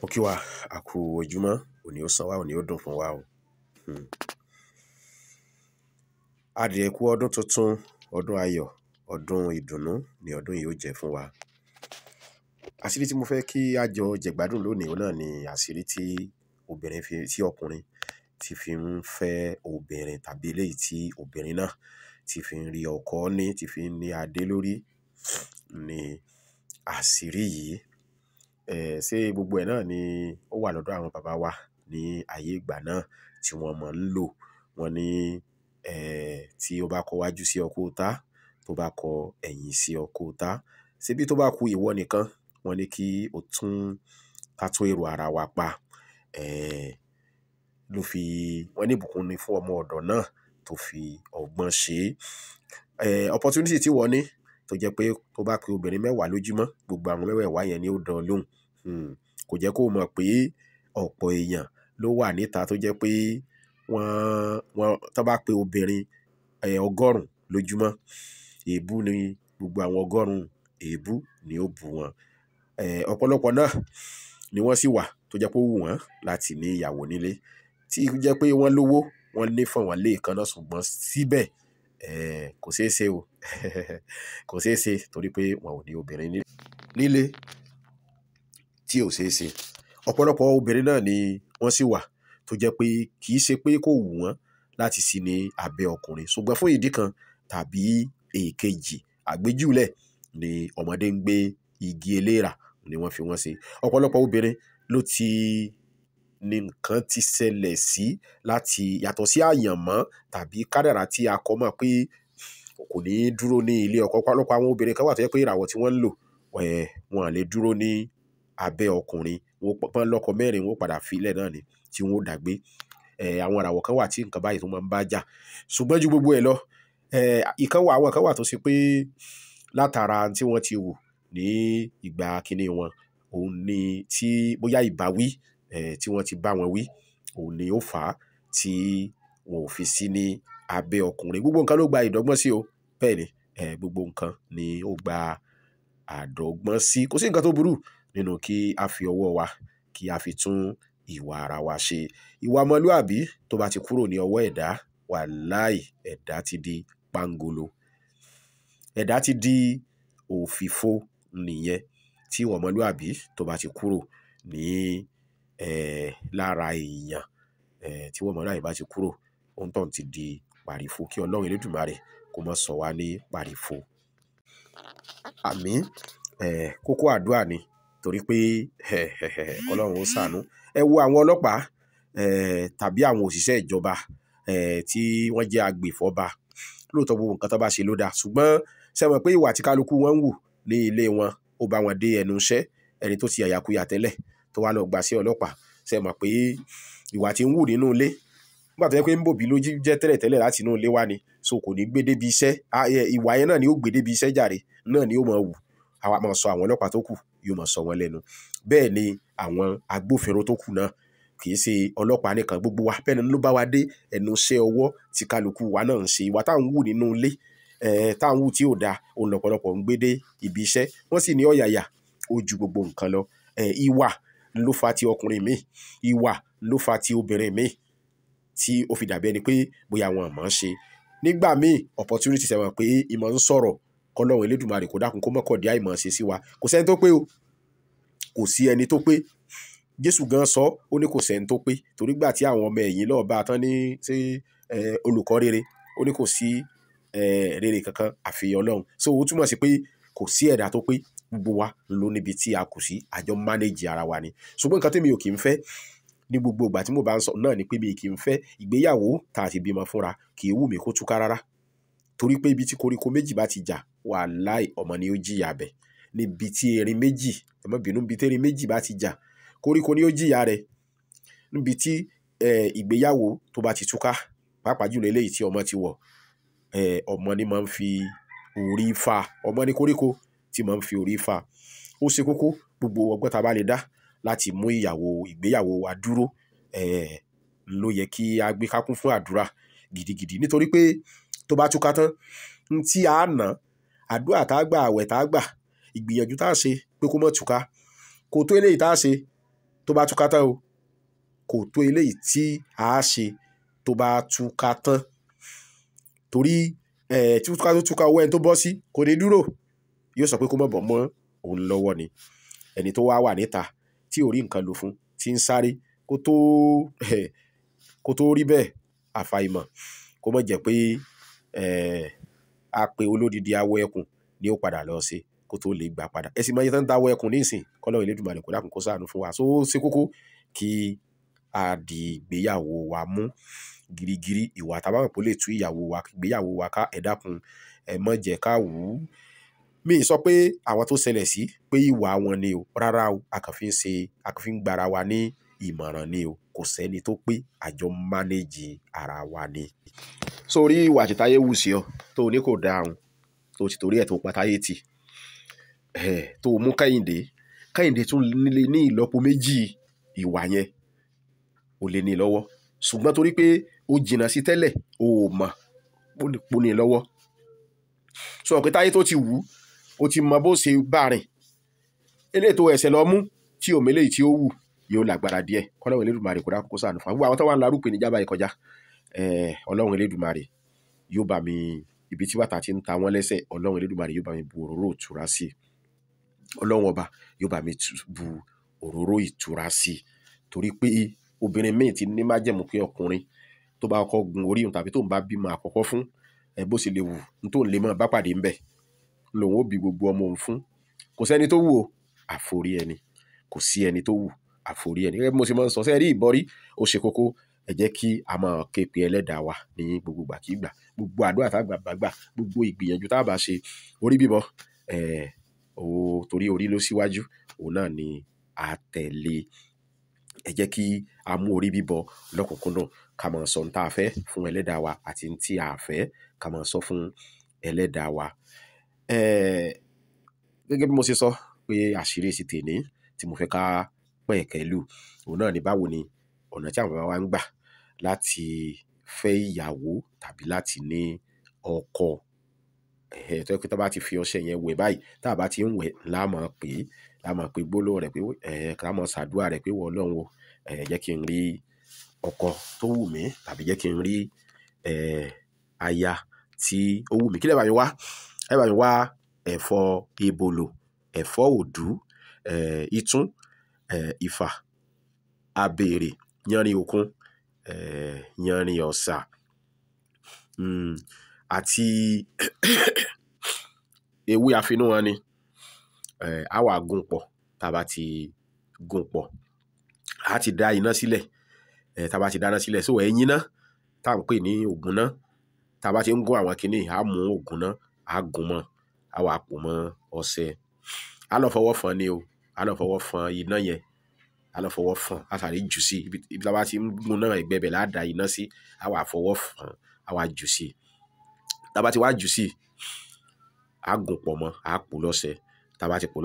mo kí wa a kú ojúmọ́ òní ó sàn wá òní ó dùn fún wa o hmm. adìẹ kú ọdún tuntun ọdún ayọ̀ ọdún ìdùnnú ni ọdún yìí ó jẹ́ fún wa àṣírí tí mo fẹ́ kí a jẹ̀gbádùn lónìí náà ni àṣírí tí obìnrin fi tí ọkùnrin ti fi ń fẹ́ obìnrin tàbí eléyìí tí obìnrin náà ti fi ń rí ọkọ ní ti fi ń ní adé lórí ni àṣírí yìí Eh, ṣé gbogbo ẹ̀ náà ni ó wà lọ́dọ̀ àwọn bàbá wa ní ayé ìgbà náà tí wọ́n mọ̀ ń lò wọ́n ní eh, tí o bá kọ wájú sí ọkọ ta tó bá kọ ẹ̀yìn sí ọkọ ta ṣebí tó bá ku ìwọ nìkan wọ́n ní kí o tún ká èrò ara wa pa eh, ló fi wọ́n ní ìbùkún ni fún ọmọ ọ̀dọ̀ náà tó fi ọgbọ́n ṣe opportunity tí wọ́n ní tó jẹ́ pé tó bá pe obìnrin mẹ́wàá lójúmọ́ gbogbo àwọn mẹ́wàá yẹn ni ó dán lóhùn Hmm. kò jẹ́ kó mọ̀ pé ọ̀pọ̀ èèyàn ló wà níta tó jẹ́ pé wọ́n wọ́n tó bá pe obìnrin ọgọ́rùn lójúmọ́ èébú ni gbogbo àwọn ọgọ́rùn èébú ni ó bú wọn ọ̀pọ̀lọpọ̀ náà ni wọ́n sì wà tó jẹ́ pé ó wù wọ́n láti ní ìyàwó nílé tí jẹ́ pé wọ́n lówó wọ́n ní fún wọn lé ìkànnà ṣùgbọ́n síbẹ̀ kò ṣeé ṣe o kò ṣeé ṣe torí pé wọn ò ní obìnrin nílé tí ò ṣeé ṣe ọ̀pọ̀lọpọ̀ obìnrin náà ni wọ́n sì wà tó jẹ́ pé kì í ṣe pé kò wù wọ́n láti sí ní abẹ́ ọkùnrin ṣùgbọ́n fún ìdí kan tàbí èkejì àgbéjúlẹ̀ ni ọmọdé ń gbé igi eléra ni wọ́n fi wọ́n ṣe ọ̀pọ̀lọpọ̀ obìnrin ló ti ní nǹkan ti ṣẹlẹ̀ sí láti yàtọ̀ sí àyànmọ́ tàbí kádàrá tí a kọ́ mọ̀ pé kò ní dúró ní ilé ọkọ pálọ́pọ̀ àwọn obìnrin kan wà tó yẹ pé ìràwọ̀ tí wọ́n ń lò wọn lè dúró ní abẹ́ ọkùnrin wọn pọ́n lọ́kọ mẹ́rin wọn padà filẹ̀ náà ni tí wọn ó dàgbé àwọn àràwọ̀ kan wà tí nǹkan báyìí tó máa ń bá jà ṣùgbọ́n ju gbogbo ẹ̀ lọ ìkan àwọn kan wà tó ṣe pé látara tí wọ́n ti wò ní ìgbà kínní wọn òun ni tí bóyá ìbáwí tí wọ́n ti bá wọn wí òun ni ó fà á tí wọn ò fi sí ní abẹ́ ọkùnrin gbogbo nǹkan ló gba ìdọ́gbọ́n sí o bẹ́ẹ̀ ni gbogbo nǹkan ni ó gba àdọ́gbọ́n sí kò sí nǹkan tó burú nínú kí a fi ọwọ́ wa kí a fi tún ìwà ara wa ṣe ìwà ọmọlúàbí tó bá ti kúrò ní ọwọ́ ẹ̀dá wàláì ẹ̀dá ti di pangolo ẹ̀dá ti di òfìfo nìyẹn tí ìwà ọmọlúàbí tó bá ti kúrò ní lára èèyàn tí ìwà ọmọlúàbí bá ti kúrò ohun tó ń ti di pàrífo kí ọlọ́run elédùnmarè kó má sọ wá ní pàrífo àmín kókó àdúrà ni torí pé ọlọ́run ó ṣàánú ẹ wo àwọn ọlọ́pàá tàbí àwọn òṣìṣẹ́ ìjọba tí wọ́n jẹ́ agbèfọ́ba lóòótọ́ gbogbo nǹkan tó bá ṣe ló dáa ṣùgbọ́n ṣe mọ̀ pé ìwà tí kálukú wọn ń wù ní ilé wọn ó bá wọn dé ẹnu iṣẹ́ ẹni tó ti yàyàkuyà tẹ́lẹ̀ tó wá lọ gbà sí ọlọ́pàá ṣe mọ̀ pé ìwà tí ń wù nínú ilé nígbà tó yẹ pé ń bòbí ló jẹ́ tẹ́lẹ̀ tẹ́lẹ̀ láti inú ilé wá ni so kò ní gbé débi iṣẹ́ ìwà yẹn náà ni ó gbé débi iṣẹ́ jàre náà ni ó mọ̀ wù àwa máa sọ àwọn ọlọ́pàá tó kù yóò máa sọ wọ́n lẹ́nu bẹ́ẹ̀ ni àwọn agbófinró tó kù náà kì í ṣe ọlọ́pàá nìkan gbogbo wa bẹ́ẹ̀ ni ló bá wa dé ẹnu iṣẹ́ ọwọ́ tí kálukú wa náà ń ṣe ìwà táwọn wù nínú ilé táwọn wù tí ò dáa òun lọ̀pọ̀lọpọ̀ ń gbé dé ibi iṣẹ́ wọ́n sì ní ọ̀yàyà ó gbogbo nǹkan lọ ìwà ló fa ti ọkùnrin mi ìwà ló fa ti obìnrin mi tí ó fi dàbí ẹni pé bóyá wọn mọ̀ ọ́n ṣe nígbà míì opportunity ṣe wọn pé ìmọ̀ ń sọ̀rọ̀ kọ́lọ́run elédùnmarè kó dákun kó mọ́kọ̀dé àìmọ̀ ṣe sí wa kò sẹ́ni tó pé o kò sí ẹni tó pé jésù gan sọ ó ní kò sẹ́ni tó pé torí gbà tí àwọn ọmọ ẹ̀yìn lọ́ọ̀ bá a tán ní sí olùkọ́ rere ó ní kò sí rere kankan àfi ọlọ́run so ó túmọ̀ sí pé kò sí ẹ̀dá tó pé gbogbo wa ló níbi tí a kù sí àjọ mánéjì ara wa ni ṣùgbọ́n nǹkan tèmi ò kì í fẹ́ ní gbogbo ìgbà tí mo bá ń sọ náà ni pé mi kì í fẹ́ ìgbéyàwó tá bímọ fúnra kì í wù mí kó túká rárá torí pé ibi tí koríko méjì bá ti jà wàláì ọmọ ni ó jìyà bẹ̀ níbi tí erin méjì ẹ má bínú níbi erin méjì bá ti jà koríko ni ó jìyà rẹ̀ níbi tí ìgbéyàwó tó bá ti túká pàápàá jùlọ eléyìí tí ọmọ ti wọ̀ ọmọ ni máa ń fi orí fa ọmọ ni koríko tí máa ń fi orí fa ó ṣe kókó gbogbo ọgbọ́n tá a bá lè dá láti mú ìyàwó ìgbéyàwó wa dúró ló yẹ kí a gbé kákún fún àdúrà gidigidi nítorí pé tó bá túká tán n tí a nà àdúrà tá a gbà àwẹ̀ tá a gbà ìgbìyànjú tá a ṣe pé kó mọ̀ túká kò tó eléyìí tá a ṣe tó bá túká tán o kò tó eléyìí tí a ṣe tó bá túká tán torí tí túká tó túká owó ẹni tó bọ́ sí kò ní dúró yóò sọ pé kó mọ̀ bọ̀ mọ́ òun lọ́wọ́ ni ẹni tó wá wà níta tí ò rí nǹkan lò fún tí ń sáré kó tó kó tó rí bẹ́ẹ̀ àfàìmọ̀ kó mọ̀ jẹ́ pé Eh, apè olódìdí awọ ẹkùn ni ó padà lọ ṣe kó tó lè gbà padà ẹ sì mọ iye tó ń dáwọ ẹkùn nísìn kọlọ́run Elédùmarè kó dákun kó ṣàánú fún wa so ó ṣe kókó kí a di ìgbéyàwó wa mú girigiri ìwà tábàmù kó lè tú ìyàwó wa ìgbéyàwó wa ká ẹ dákun ká wù ú mi sọ pé àwọn tó ṣẹlẹ̀ sí pé ìwà wọn ni o rárá o a kàn fi ń ṣe a kàn fi ń gbara wa ní ìmọ̀ràn ni o kò sẹ́ni tó pé àjọ mánéjì ara wa ni sórí ìwà títáyé wù sí ọ tó ní kò dáhùn tó ti torí ẹ̀ tó pátáyé tì ẹ̀ tó mú kẹ́hìndé kẹ́hìndé tún lè ní ìlọ́po méjì ìwà yẹn ò lè ní lọ́wọ́ ṣùgbọ́n torí pé ó jìnnà sí tẹ́lẹ̀ ó mọ̀ pò ní lọ́wọ́ sọ pé táyé tó ti wù ó ti mọ bó ṣe bá rìn eléètò ẹ̀sẹ̀ lọ mú tí òmìnira tí ó wù yóò lágbára díẹ̀ kọ́lọ́wọ̀n elédùnmarè kó dákó sáà nù fún àwọn tó wà ń larú pè níjàmbá ìkọjá Eh, ọlọ́run elédùmarè yóò bá mi ibi tí bàtà ti ń ta wọ́n lẹ́sẹ̀ ọlọ́run elédùmarè yóò bá mi bu òróró ìtura sí i ọlọ́run ọba yóò bá mi bu òróró ìtura sí i torí pé obìnrin míì ti ní májẹ̀mú pé ọkùnrin tó bá kọ́ gun orí òun tàbí tó ń bá bímọ àkọ́kọ́ fún ẹ eh, bó sì lè wù ní tó ń lè mọ́ bá pàdé ńbẹ̀ lòun ó bí gbogbo ọmọ òun fún kò sẹ́ni tó wù o àforí ẹni kò sí ẹni tó wù àforí ẹni gẹ́gẹ́ bí mo ṣe máa ń sọ sẹ́ẹ̀rí ìbọrí ó ṣe kókó ẹ jẹ́ kí a máa ké pe ẹlẹ́dàá wa ní gbogbo gbàkígbà gbogbo àdúrà tá a gbà gbogbo ìgbìyànjú tá a bá ṣe orí bíbọ torí orí ló síwájú òun náà ni a tẹ̀lé ẹ jẹ́ kí a mú orí bíbọ lọ́kùnkúndùn ká máa sọ ní tá a fẹ́ fún ẹlẹ́dàá wa àti ní tí a fẹ́ ká máa sọ fún ẹlẹ́dàá wa. gẹ́gẹ́ bí mo ṣe sọ pé àṣírí ti tèmi tí mo fẹ́ ká pẹ̀kẹ́ lù òun náà ni báwo ni ọ̀nà tí àwọn bàbá wa ń gbà láti fẹ́ ìyàwó tàbí láti ní ọkọ. um tó jẹ́ pé tán bá ti fi ọṣẹ yẹn wẹ̀ báyìí tá à bá ti ń wẹ̀ lá mọ̀ pè é lá mọ̀ pe gbólóhùn rẹ̀ pé um ká mọ̀ ṣàdúrà rẹ̀ pé ìwọ Ọlọ́run o um jẹ́ kí n rí ọkọ tó wù mí tàbí jẹ́ kí n rí aya tí ó wù mí. Kí lẹ bá mi wá? Ẹ bá mi wá ẹ̀fọ́ ebòlò, ẹ̀fọ́ òdú, um ìfà, abèrè, yánrin òkun um yanrìn ọ̀sà um àti ewé afinúwanni um eh, á wá gún pọ̀ tá a bá ti gún pọ̀ á ti dá iná sílẹ̀ um eh, tá ti dáná sílẹ̀ so ẹ̀yin náà tá à ń pè ní ògúnná tá a bá ti ń gún àwọn kinní á mú ògúnná á gún mọ́ á wá pò mọ́ ọṣẹ á ni o á iná yẹn alọ́fọwọ́ fún látàrí jù sí ibi tá a bá ti mú náà ìgbẹ́bẹ̀ láàdá iná sí àwa àfọwọ́ fún àwa jù sí tá wá jù sí a gùn pọ̀ mọ́ a pò pò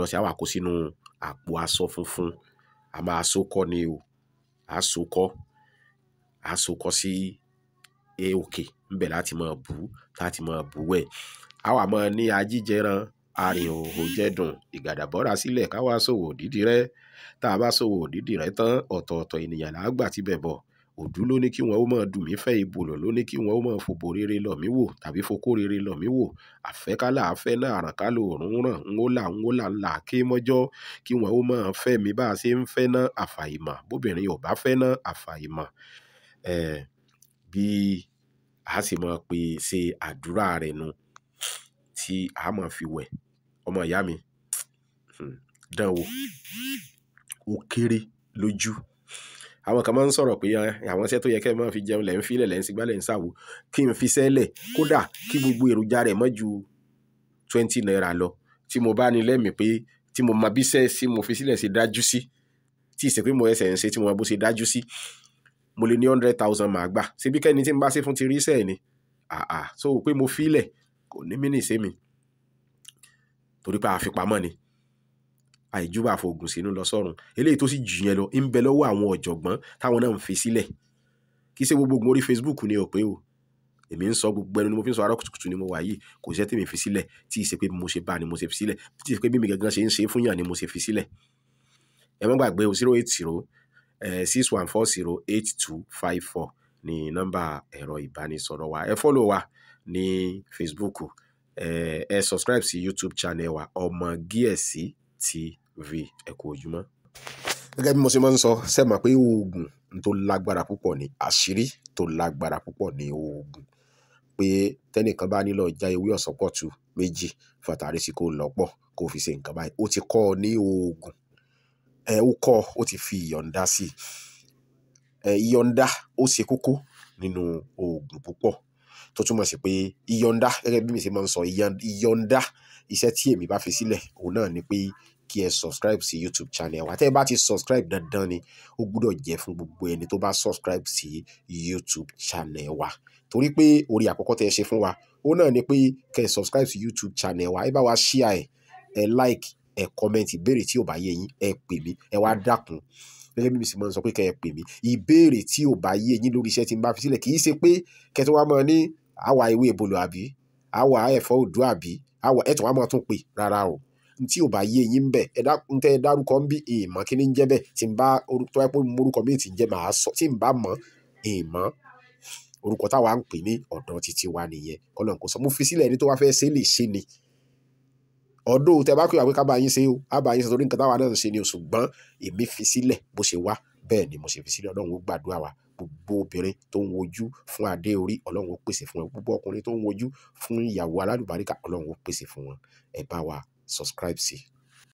lọ́sẹ̀ àwa kó sínú àpò aṣọ funfun a máa ni o a sókọ́ sí e òkè ńbẹ̀ láti máa bù láti máa bù wẹ̀ àwa máa ní ajíjẹran arìnrìn òhò jẹ́dùn ìgàdàbọ́ra sílẹ̀ káwa dídì rẹ́ tá a bá sọ̀wọ́ òdìdí rẹ̀ tán ọ̀tọ̀ọ̀tọ̀ ènìyàn là á gbà tíbẹ̀ bọ̀ òdú ló ní kí wọn ó máa dùn mí fẹ́ ìbòlò ló ní kí wọn ó máa fòbò rere lọ̀ mí wò tàbí fokó rere lọ̀ mí wò àfẹ́kálà afẹ́ náà àrànkálò òórùn ràn ń ó là ń ó là ń là ké mọ́jọ́ kí wọn ó máa fẹ́ mi bá a ṣe ń fẹ́ náà àfàìmọ̀ bóbìnrin ò bá fẹ́ náà àfàìmọ̀ bí a sì máa pè ṣe àdúrà rẹ̀ nu tí a máa fi wẹ̀ ọmọ ìyá mi hmm, dán wò ó kéré lójú àwọn kan máa ń sọ̀rọ̀ pé àwọn iṣẹ́ tó yẹ kẹ́ ẹ máa fi jẹun lẹ̀ ń filẹ̀ lẹ̀ ń sigbá lẹ̀ ń sàwò kí n fi sẹ́lẹ̀ kódà kí gbogbo èròjà rẹ̀ mọ́ ju twenty naira lọ tí mo bá ní lẹ́mìí pé tí mo mọ bí iṣẹ́ sí mo fi sílẹ̀ ṣe dájú sí tí ìsìnkú mo ẹsẹ̀ ń ṣe tí mo mọ bó ṣe dájú sí mo lè ní hundred thousand màá gbà síbi kẹ́ni tí n bá ṣe fún ti rí sẹ́ẹ̀ ni àà so pé mo filẹ̀ kò ní mí nìṣe mi torí pé àfipamọ́ ni àìjúbà fògùn sínú lọ sọ́run eléyìí tó sì jù yẹn lọ ń bẹ lọ́wọ́ àwọn ọ̀jọ̀gbọ́n táwọn náà ń fi sílẹ̀ kì ṣe gbogbo orí Facebook ni ò pé o èmi ń sọ gbogbo ẹnu ni mo fi ń sọ ará kùtùkùtù ni mo wà yìí kò sí tèmi fi sílẹ̀ tí ì ṣe pé mo ṣe bá ni mo ṣe fi sílẹ̀ tí ì ṣe pé bí mi gangan ṣe ń ṣe fún yàn ni mo ṣe fi sílẹ̀ ẹ má gbàgbé o zero eight zero six one four zero eight two five four ni nọ́mbà ẹ̀rọ ìbánisọ̀rọ̀ wa ẹ fọ́lọ̀ wa ní Facebook ẹ subscribe sí YouTube channel wa ọmọ gíẹ̀sì TV. v ẹ̀kọ́ ojúmọ́. gẹ́gẹ́ bí mo ṣe máa ń sọ sẹ́mà pé oògùn tó lágbára púpọ̀ ni àṣírí tó lágbára púpọ̀ ni oògùn pé tẹ́nìkan bá nílò já ewé ọ̀sánpọ̀tù méjì fàtàrí sí kó lọ́pọ̀ kó fi ṣe nǹkan báyìí ó ti kọ́ ọ ní oògùn ẹ ó kọ́ ó ti fi ìyọ̀ǹda sí ẹ ìyọ̀ǹda ó ṣe kókó nínú oògùn púpọ̀ tó túmọ̀ sí pé ìyọ̀ǹda gẹ́gẹ́ bí mi ṣe máa ń sọ ìyọ̀ǹda iṣẹ́ tí èmi bá fi sílẹ̀ òun náà ni pé kí ẹ subscribe sí YouTube channel wa tẹ́ ẹ bá ti subscribe dandan ni ó gbúdọ̀ jẹ́ fún gbogbo ẹni tó bá subscribe sí YouTube channel wa torí pé orí àkọ́kọ́ tẹ́ ẹ ṣe fún wa ó náà ni pé kẹ́ ẹ subscribe sí YouTube channel wa ẹ bá wa share ẹ ẹ like ẹ comment ìbéèrè tí ò bá yé yín ẹ pè mí ẹ wá dákun gẹ́gẹ́ bí mi sì máa ń sọ pé kẹ́ ẹ pè mí ìbéèrè tí ò bá yé yín lórí iṣẹ́ tí n bá fi sílẹ̀ kì í ṣe pé kẹ́ tó wá máa ní àwa ewé ebolo àbí àwa ẹ̀fọ́ òdú àbí àwa ẹ̀tọ́ wá máa tún pè rárá o tí ò bá yé yín bẹ̀ ẹ tẹ́ ẹ dárúkọ ń bí èèmọ̀ kí ń jẹ́ bẹ́ẹ̀ tí n bá tó wáyé pé morúkọ mi ti ń jẹ́ màá sọ tí n bá mọ̀ èèmọ̀ orúkọ táwa ń pè ní ọ̀dọ̀ títí wa nìyẹn kọ́lọ̀ kò sọ mo fi sílẹ̀ ẹni tó wá fẹ́ ṣe lè ṣe ni ọ̀dọ̀ tẹ bá pè wá pé ká bá yín ṣe o á bá yín ṣe torí nǹkan táwa náà ṣe ni o ṣùgbọ́n èmi fi sílẹ̀ bó ṣe wá bẹ́ẹ̀ ni mo ṣe fi sílẹ̀ ọlọ́run ó gbàdúrà wa gbogbo obìnrin tó ń wojú fún adé orí ọlọ́run ó pèsè fún wọn gbogbo ọkùnrin tó ń wojú fún ìyàwó alálùbáríkà ọlọ́run ó pèsè fún wọn ẹ bá wa subscribe see